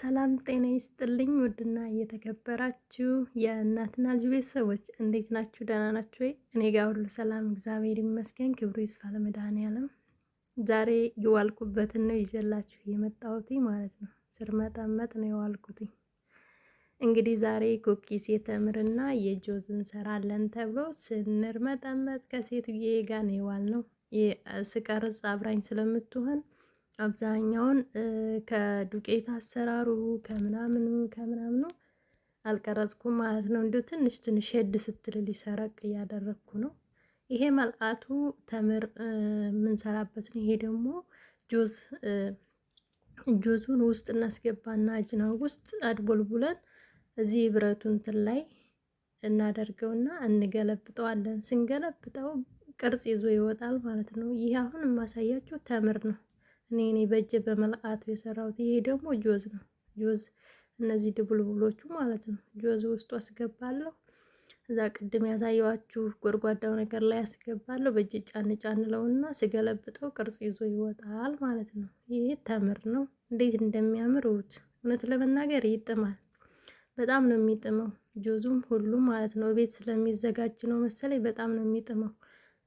ሰላም ጤና ይስጥልኝ። ውድና እየተከበራችሁ የእናትና ልጅ ቤተሰቦች እንዴት ናችሁ? ደህና ናችሁ ወይ? እኔ ጋር ሁሉ ሰላም እግዚአብሔር ይመስገን። ክብሩ ይስፋ ለመድኃኔዓለም። ዛሬ የዋልኩበትን ነው ይዤላችሁ የመጣሁት ማለት ነው። ስር መጠመጥ ነው የዋልኩት። እንግዲህ ዛሬ ኩኪስ የተምርና የጆዝ እንሰራለን ተብሎ ስንር መጠመጥ ከሴትዬ ጋር ነው የዋል ነው ስቀርጽ አብራኝ ስለምትሆን አብዛኛውን ከዱቄት አሰራሩ ከምናምኑ ከምናምኑ አልቀረጽኩም ማለት ነው። እንዲሁ ትንሽ ትንሽ ሄድ ስትል ሊሰረቅ እያደረግኩ ነው። ይሄ መልቃቱ ተምር የምንሰራበት ነው። ይሄ ደግሞ ጆዝ ጆዙን ውስጥ እናስገባና እጅና ውስጥ አድቦልቡለን እዚህ ብረቱ እንትን ላይ እናደርገውና እንገለብጠዋለን። ስንገለብጠው ቅርጽ ይዞ ይወጣል ማለት ነው። ይህ አሁን የማሳያችሁ ተምር ነው። እኔ እኔ በእጄ በመልአቱ የሰራሁት ይሄ ደግሞ ጆዝ ነው። ጆዝ እነዚህ ድቡልቡሎቹ ማለት ነው። ጆዝ ውስጡ አስገባለሁ። እዛ ቅድም ያሳየዋችሁ ጎድጓዳው ነገር ላይ አስገባለሁ። በእጅ ጫን ጫንለውና ስገለብጠው ቅርጽ ይዞ ይወጣል ማለት ነው። ይሄ ተምር ነው። እንዴት እንደሚያምር እውነት ለመናገር ይጥማል። በጣም ነው የሚጥመው። ጆዙም ሁሉም ማለት ነው። ቤት ስለሚዘጋጅ ነው መሰለኝ በጣም ነው የሚጥመው።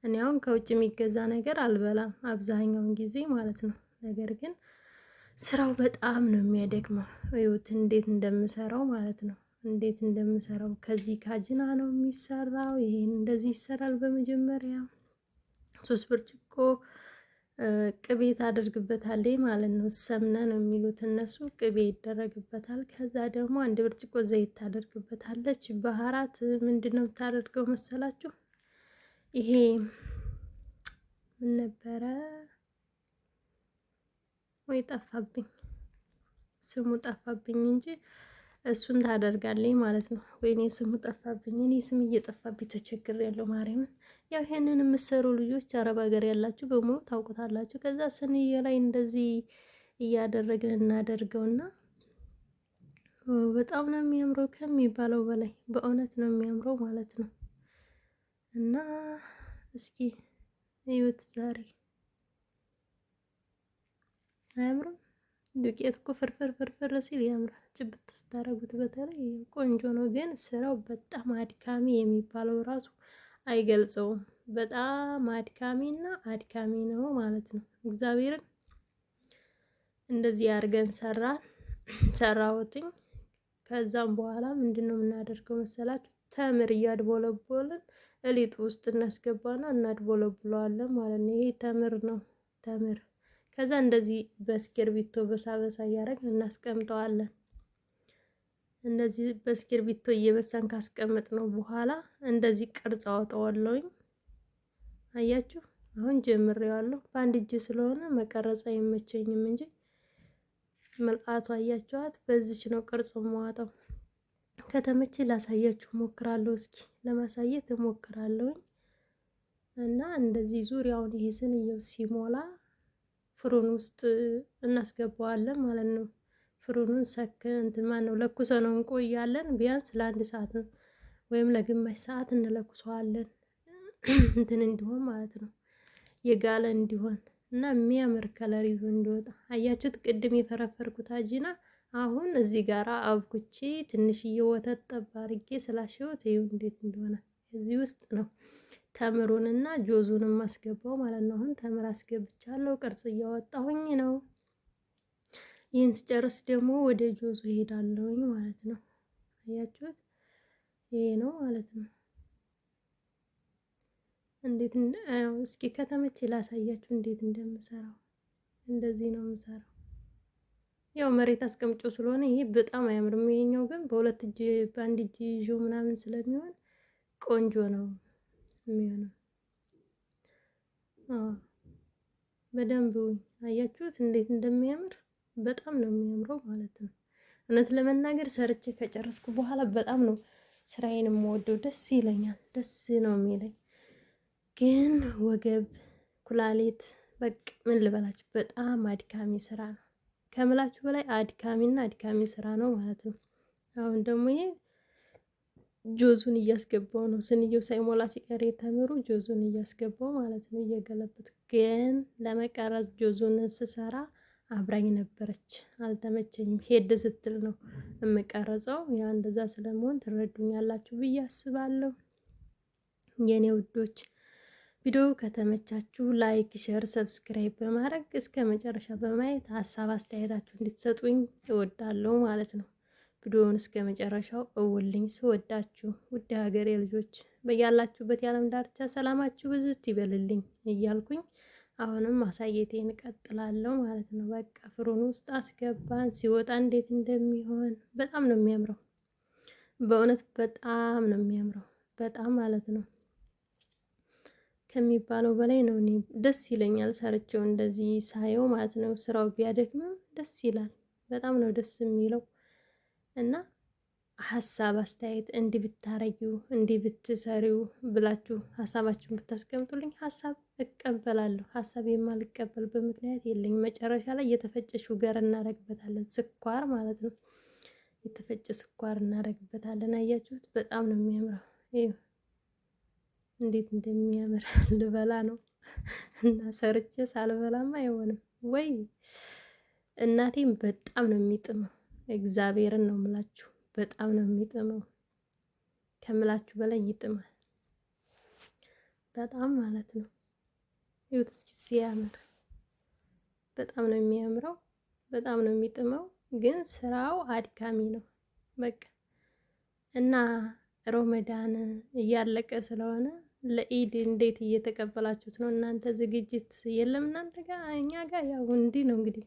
እኔ አሁን ከውጭ የሚገዛ ነገር አልበላም አብዛኛውን ጊዜ ማለት ነው። ነገር ግን ስራው በጣም ነው የሚያደክመው። እዩት እንዴት እንደምሰራው ማለት ነው እንዴት እንደምሰራው ከዚህ ካጅና ነው የሚሰራው። ይሄን እንደዚህ ይሰራል። በመጀመሪያ ሶስት ብርጭቆ ቅቤ ታደርግበታለች ማለት ነው። ሰምነ ነው የሚሉት እነሱ። ቅቤ ይደረግበታል። ከዛ ደግሞ አንድ ብርጭቆ ዘይት ታደርግበታለች። ባህራት ምንድን ነው የምታደርገው መሰላችሁ? ይሄ ምን ነበረ ወይ ጠፋብኝ፣ ስሙ ጠፋብኝ እንጂ እሱን ታደርጋለኝ ማለት ነው። ወይኔ ስሙ ጠፋብኝ፣ እኔ ስም እየጠፋብኝ ተቸግር ያለው ማርያምን። ያው ይሄንን የምሰሩ ልጆች አረብ ሀገር ያላችሁ በሙሉ ታውቁታላችሁ። ከዛ ስንዬ ላይ እንደዚህ እያደረግን እናደርገውና በጣም ነው የሚያምረው ከሚባለው በላይ በእውነት ነው የሚያምረው ማለት ነው። እና እስኪ እዩት ዛሬ አያምርም? ዱቄት እኮ ፍርፍር ፍርፍር ሲል ያምራል። ጭብጥ ስታረጉት በተለይ ቆንጆ ነው። ግን ስራው በጣም አድካሚ የሚባለው ራሱ አይገልጸውም። በጣም አድካሚና አድካሚ ነው ማለት ነው። እግዚአብሔርን እንደዚህ አድርገን ሰራን ሰራወትኝ። ከዛም በኋላ ምንድን ነው የምናደርገው መሰላችሁ? ተምር እያድቦለቦልን እሊጡ ውስጥ እናስገባና እናድቦለብለዋለን ማለት ነው። ይሄ ተምር ነው ተምር ከዛ እንደዚህ በእስክርቢቶ በሳበሳ እያደረግን እናስቀምጠዋለን። እንደዚህ በእስክርቢቶ እየበሳን ካስቀመጥ ነው በኋላ እንደዚህ ቅርጽ አወጣዋለሁኝ። አያችሁ አሁን ጀምሬዋለሁ። በአንድ እጅ ስለሆነ መቀረጽ አይመቸኝም እንጂ ምልአቱ አያችኋት። በዚች ነው ቅርጽ መዋጠው። ከተመቼ ላሳያችሁ ሞክራለሁ እስኪ ለማሳየት እሞክራለሁኝ እና እንደዚህ ዙሪያውን ይሄ ስንየው ሲሞላ ፍሩን ውስጥ እናስገባዋለን ማለት ነው። ፍሩኑን ሰክ እንትን ማለት ነው ለኩሰ ነው እንቆያለን። ቢያንስ ለአንድ ሰዓት ወይም ለግማሽ ሰዓት እንለኩሰዋለን እንትን እንዲሆን ማለት ነው የጋለ እንዲሆን እና የሚያምር ከለር ይዞ እንዲወጣ አያችሁት። ቅድም የፈረፈርኩት አጂና አሁን እዚህ ጋራ አብኩቼ ትንሽዬ ወተት ጠብ አድርጌ ስላሽወት ይኸው እንዴት እንደሆነ እዚህ ውስጥ ነው ተምሩንና ጆዙንም አስገባው ማለት ነው። አሁን ተምር አስገብቻለሁ ቅርጽ እያወጣሁኝ ነው። ይህን ስጨርስ ደግሞ ወደ ጆዙ ሄዳለሁኝ ማለት ነው። አያችሁት? ይሄ ነው ማለት ነው። እንዴት እስኪ ከተመቼ ላሳያችሁ እንዴት እንደምሰራው። እንደዚህ ነው የምሰራው። ያው መሬት አስቀምጮ ስለሆነ ይሄ በጣም አያምርም። ይሄኛው ግን በሁለት እጅ በአንድ እጅ ይዞ ምናምን ስለሚሆን ቆንጆ ነው። የሚሆነው። አዎ በደንብ አያችሁት እንዴት እንደሚያምር በጣም ነው የሚያምረው ማለት ነው። እውነት ለመናገር ሰርቼ ከጨረስኩ በኋላ በጣም ነው ስራዬን የምወደው። ደስ ይለኛል፣ ደስ ነው የሚለኝ። ግን ወገብ፣ ኩላሊት በቃ ምን ልበላችሁ በጣም አድካሚ ስራ ነው ከምላችሁ በላይ አድካሚና አድካሚ ስራ ነው ማለት ነው። አሁን ደግሞ ይሄ ጆዙን እያስገባው ነው። ስንየው ሳይሞላ ሲቀር የተምሩ ጆዙን እያስገባው ማለት ነው። እየገለበት ግን ለመቀረጽ ጆዙን ስሰራ አብራኝ ነበረች። አልተመቸኝም። ሄድ ስትል ነው የምቀረጸው። ያ እንደዛ ስለመሆን ትረዱኛላችሁ ብዬ አስባለሁ። የኔ ውዶች ቪዲዮ ከተመቻችሁ ላይክ፣ ሸር፣ ሰብስክራይብ በማድረግ እስከ መጨረሻ በማየት ሀሳብ አስተያየታችሁ እንድትሰጡኝ እወዳለሁ ማለት ነው። ቪዲዮውን እስከ መጨረሻው እውልኝ። ስወዳችሁ ውድ ሀገሬ ልጆች በያላችሁበት የዓለም ዳርቻ ሰላማችሁ ብዝት ይበልልኝ እያልኩኝ አሁንም ማሳየቴን እቀጥላለሁ ማለት ነው። በቃ ፍሩን ውስጥ አስገባን፣ ሲወጣ እንዴት እንደሚሆን በጣም ነው የሚያምረው። በእውነት በጣም ነው የሚያምረው፣ በጣም ማለት ነው ከሚባለው በላይ ነው። እኔ ደስ ይለኛል ሰርቼው እንደዚህ ሳየው ማለት ነው። ስራው ቢያደክምም ደስ ይላል። በጣም ነው ደስ የሚለው። እና ሀሳብ አስተያየት እንዲህ ብታረጊው እንዲህ ብትሰሪው ብላችሁ ሀሳባችሁን ብታስቀምጡልኝ ሀሳብ እቀበላለሁ። ሀሳብ የማልቀበልበት ምክንያት የለኝ። መጨረሻ ላይ የተፈጨ ሹገር እናደርግበታለን፣ ስኳር ማለት ነው። የተፈጨ ስኳር እናደርግበታለን። አያችሁት? በጣም ነው የሚያምረው። እንዴት እንደሚያምር ልበላ ነው እና ሰርቼ ሳልበላማ አይሆንም ወይ? እናቴም በጣም ነው የሚጥመው እግዚአብሔርን ነው የምላችሁ፣ በጣም ነው የሚጥመው። ከምላችሁ በላይ ይጥማል በጣም ማለት ነው። ይሁት እስኪ ሲያምር በጣም ነው የሚያምረው፣ በጣም ነው የሚጥመው። ግን ስራው አድካሚ ነው በቃ እና ሮመዳን እያለቀ ስለሆነ ለኢድ እንዴት እየተቀበላችሁት ነው እናንተ? ዝግጅት የለም እናንተ ጋር? እኛ ጋር ያው እንዲህ ነው እንግዲህ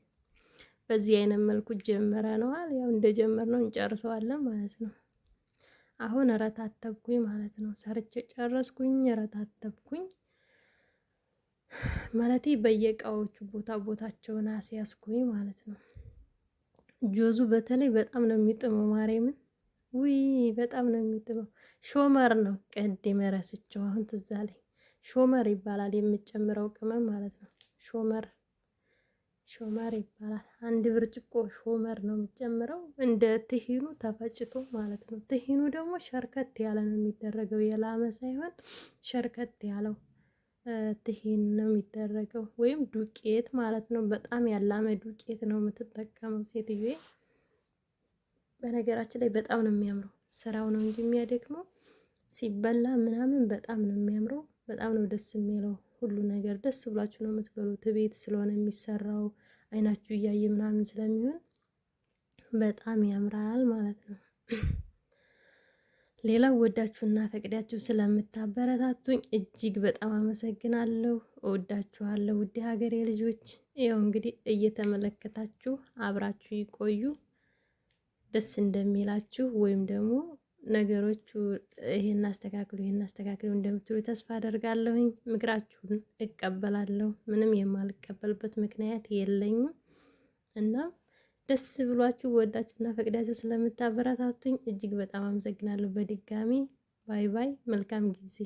በዚህ አይነት መልኩ ጀምረነዋል። ያው እንደጀመርነው እንጨርሰዋለን ማለት ነው። አሁን እረታተብኩኝ ማለት ነው። ሰርቼ ጨረስኩኝ፣ እረታተብኩኝ ማለት በየእቃዎቹ ቦታ ቦታቸውን አስያዝኩኝ ማለት ነው። ጆዙ በተለይ በጣም ነው የሚጥመው ማርያምን ውይ በጣም ነው የሚጥመው። ሾመር ነው ቀድ ረስቼው አሁን ትዝ አለኝ። ሾመር ይባላል የምጨምረው ቅመም ማለት ነው። ሾመር ሾመር ይባላል። አንድ ብርጭቆ ሾመር ነው የሚጨምረው፣ እንደ ትሂኑ ተፈጭቶ ማለት ነው። ትሂኑ ደግሞ ሸርከት ያለ ነው የሚደረገው፣ የላመ ሳይሆን ሸርከት ያለው ትሂን ነው የሚደረገው፣ ወይም ዱቄት ማለት ነው። በጣም ያላመ ዱቄት ነው የምትጠቀመው ሴትዮ። በነገራችን ላይ በጣም ነው የሚያምረው። ስራው ነው እንጂ የሚያደክመው፣ ሲበላ ምናምን በጣም ነው የሚያምረው። በጣም ነው ደስ የሚለው። ሁሉ ነገር ደስ ብሏችሁ ነው የምትበሉት። ቤት ስለሆነ የሚሰራው አይናችሁ እያየ ምናምን ስለሚሆን በጣም ያምራል ማለት ነው። ሌላው ወዳችሁና ፈቅዳችሁ ስለምታበረታቱኝ እጅግ በጣም አመሰግናለሁ። እወዳችኋለሁ ውድ ሀገሬ ልጆች። ይኸው እንግዲህ እየተመለከታችሁ አብራችሁ ይቆዩ ደስ እንደሚላችሁ ወይም ደግሞ ነገሮቹ ይሄን አስተካክሉ ይሄን አስተካክሉ እንደምትሉ ተስፋ አደርጋለሁኝ። ምክራችሁን እቀበላለሁ። ምንም የማልቀበልበት ምክንያት የለኝም እና ደስ ብሏችሁ ወዳችሁና ፈቅዳችሁ ስለምታበረታቱኝ እጅግ በጣም አመሰግናለሁ። በድጋሚ ባይ ባይ። መልካም ጊዜ